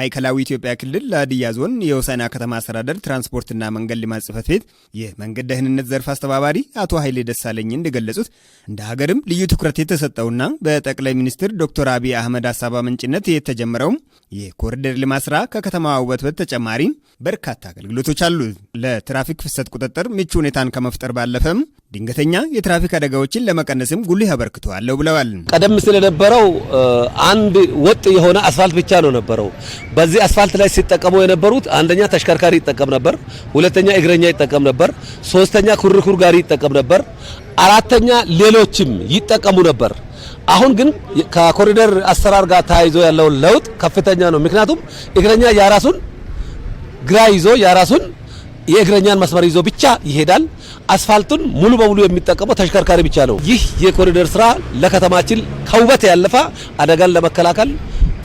ማዕከላዊ ኢትዮጵያ ክልል ለሀዲያ ዞን የሆሳዕና ከተማ አስተዳደር ትራንስፖርትና መንገድ ልማት ጽሕፈት ቤት የመንገድ ደህንነት ዘርፍ አስተባባሪ አቶ ኃይሌ ደሳለኝ እንደገለጹት እንደ ሀገርም ልዩ ትኩረት የተሰጠውና በጠቅላይ ሚኒስትር ዶክተር አብይ አህመድ ሀሳብ አመንጭነት የተጀመረውም የኮሪደር ልማት ስራ ከከተማዋ ውበት በተጨማሪ በርካታ አገልግሎቶች አሉ። ለትራፊክ ፍሰት ቁጥጥር ምቹ ሁኔታን ከመፍጠር ባለፈም ድንገተኛ የትራፊክ አደጋዎችን ለመቀነስም ጉልህ አበርክተዋለሁ ብለዋል። ቀደም ሲል የነበረው አንድ ወጥ የሆነ አስፋልት ብቻ ነው ነበረው። በዚህ አስፋልት ላይ ሲጠቀሙ የነበሩት አንደኛ ተሽከርካሪ ይጠቀም ነበር፣ ሁለተኛ እግረኛ ይጠቀም ነበር፣ ሶስተኛ ኩርኩር ጋሪ ይጠቀም ነበር፣ አራተኛ ሌሎችም ይጠቀሙ ነበር። አሁን ግን ከኮሪደር አሰራር ጋር ተያይዞ ያለውን ለውጥ ከፍተኛ ነው። ምክንያቱም እግረኛ የራሱን ግራ ይዞ የራሱን የእግረኛን መስመር ይዞ ብቻ ይሄዳል። አስፋልቱን ሙሉ በሙሉ የሚጠቀመው ተሽከርካሪ ብቻ ነው። ይህ የኮሪደር ስራ ለከተማችን ከውበት ያለፈ አደጋን ለመከላከል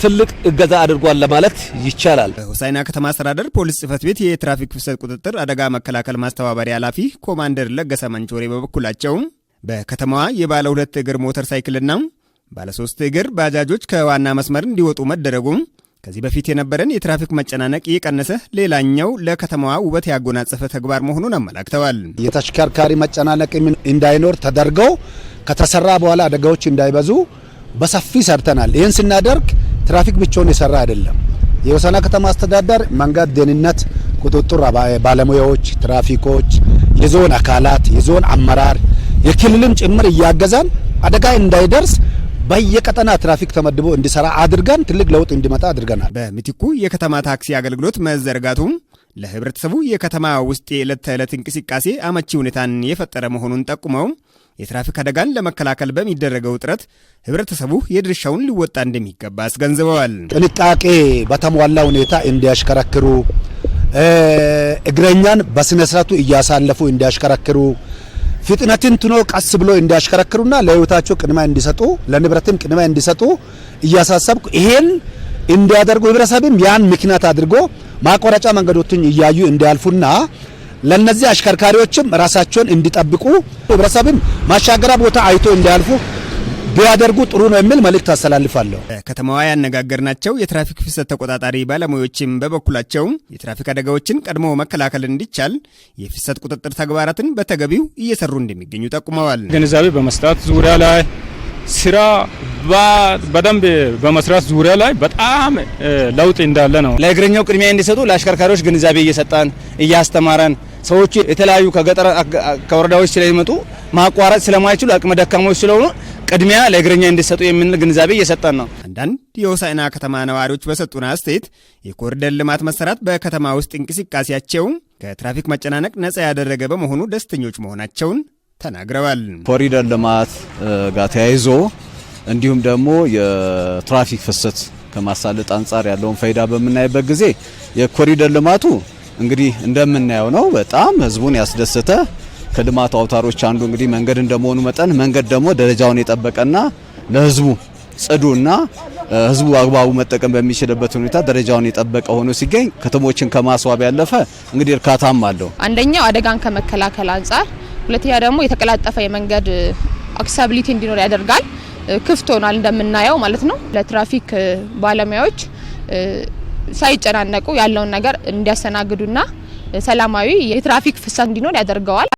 ትልቅ እገዛ አድርጓል ለማለት ይቻላል። በሆሳዕና ከተማ አስተዳደር ፖሊስ ጽሕፈት ቤት የትራፊክ ፍሰት ቁጥጥር አደጋ መከላከል ማስተባበሪያ ኃላፊ ኮማንደር ለገሰ መንቾሬ በበኩላቸው በከተማዋ የባለ ሁለት እግር ሞተር ሳይክልና ባለ ሶስት እግር ባጃጆች ከዋና መስመር እንዲወጡ መደረጉ ከዚህ በፊት የነበረን የትራፊክ መጨናነቅ እየቀነሰ ሌላኛው ለከተማዋ ውበት ያጎናጸፈ ተግባር መሆኑን አመላክተዋል። የተሽከርካሪ መጨናነቅ እንዳይኖር ተደርገው ከተሰራ በኋላ አደጋዎች እንዳይበዙ በሰፊ ሰርተናል። ይህን ስናደርግ ትራፊክ ብቻውን የሰራ አይደለም። የሆሳዕና ከተማ አስተዳደር መንገድ ደህንነት ቁጥጥር ባለሙያዎች፣ ትራፊኮች፣ የዞን አካላት፣ የዞን አመራር፣ የክልልም ጭምር እያገዛን አደጋ እንዳይደርስ በየቀጠና ትራፊክ ተመድቦ እንዲሰራ አድርገን ትልቅ ለውጥ እንዲመጣ አድርገናል። በምትኩ የከተማ ታክሲ አገልግሎት መዘርጋቱም ለህብረተሰቡ የከተማ ውስጥ የዕለት ተዕለት እንቅስቃሴ አመቺ ሁኔታን የፈጠረ መሆኑን ጠቁመው የትራፊክ አደጋን ለመከላከል በሚደረገው ጥረት ህብረተሰቡ የድርሻውን ሊወጣ እንደሚገባ አስገንዝበዋል። ጥንቃቄ በተሟላ ሁኔታ እንዲያሽከረክሩ፣ እግረኛን በስነ እያሳለፉ እንዲያሽከረክሩ ፍጥነትን ትኖ ቀስ ብሎ እንዲያሽከረክሩና ለህይወታቸው ቅድማ እንዲሰጡ ለንብረትም ቅድማ እንዲሰጡ እያሳሰብኩ ይሄን እንዲያደርጉ ህብረተሰብም ያን ምክንያት አድርጎ ማቋረጫ መንገዶችን እያዩ እንዲያልፉና ለነዚህ አሽከርካሪዎችም ራሳቸውን እንዲጠብቁ ህብረተሰብም ማሻገሪያ ቦታ አይቶ እንዲያልፉ ቢያደርጉ ጥሩ ነው የሚል መልእክት አስተላልፋለሁ። ከተማዋ ያነጋገርናቸው የትራፊክ ፍሰት ተቆጣጣሪ ባለሙያዎችም በበኩላቸው የትራፊክ አደጋዎችን ቀድሞ መከላከል እንዲቻል የፍሰት ቁጥጥር ተግባራትን በተገቢው እየሰሩ እንደሚገኙ ጠቁመዋል። ግንዛቤ በመስጣት ዙሪያ ላይ ስራ በደንብ በመስራት ዙሪያ ላይ በጣም ለውጥ እንዳለ ነው። ለእግረኛው ቅድሚያ እንዲሰጡ ለአሽከርካሪዎች ግንዛቤ እየሰጠን እያስተማረን ሰዎች የተለያዩ ከገጠር ከወረዳዎች ስለሚመጡ ማቋረጥ ስለማይችሉ አቅመ ደካሞች ስለሆኑ ቅድሚያ ለእግረኛ እንዲሰጡ የምንል ግንዛቤ እየሰጠን ነው። አንዳንድ የሆሳዕና ከተማ ነዋሪዎች በሰጡን አስተያየት የኮሪደር ልማት መሰራት በከተማ ውስጥ እንቅስቃሴያቸው ከትራፊክ መጨናነቅ ነጻ ያደረገ በመሆኑ ደስተኞች መሆናቸውን ተናግረዋል። ኮሪደር ልማት ጋር ተያይዞ እንዲሁም ደግሞ የትራፊክ ፍሰት ከማሳለጥ አንጻር ያለውን ፋይዳ በምናይበት ጊዜ የኮሪደር ልማቱ እንግዲህ እንደምናየው ነው። በጣም ህዝቡን ያስደሰተ ከልማት አውታሮች አንዱ እንግዲህ መንገድ እንደመሆኑ መጠን መንገድ ደግሞ ደረጃውን የጠበቀና ለህዝቡ ጽዱና ህዝቡ አግባቡ መጠቀም በሚችልበት ሁኔታ ደረጃውን የጠበቀ ሆኖ ሲገኝ ከተሞችን ከማስዋብ ያለፈ እንግዲህ እርካታም አለው። አንደኛው አደጋን ከመከላከል አንጻር፣ ሁለተኛ ደግሞ የተቀላጠፈ የመንገድ አክሰብሊቲ እንዲኖር ያደርጋል። ክፍት ሆኗል እንደምናየው ማለት ነው። ለትራፊክ ባለሙያዎች ሳይጨናነቁ ያለውን ነገር እንዲያስተናግዱና ሰላማዊ የትራፊክ ፍሰት እንዲኖር ያደርገዋል።